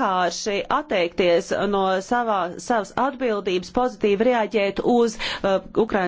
vienkārši atteikties no savā, savas atbildības pozitīvi reaģēt uz uh, Ukrainas.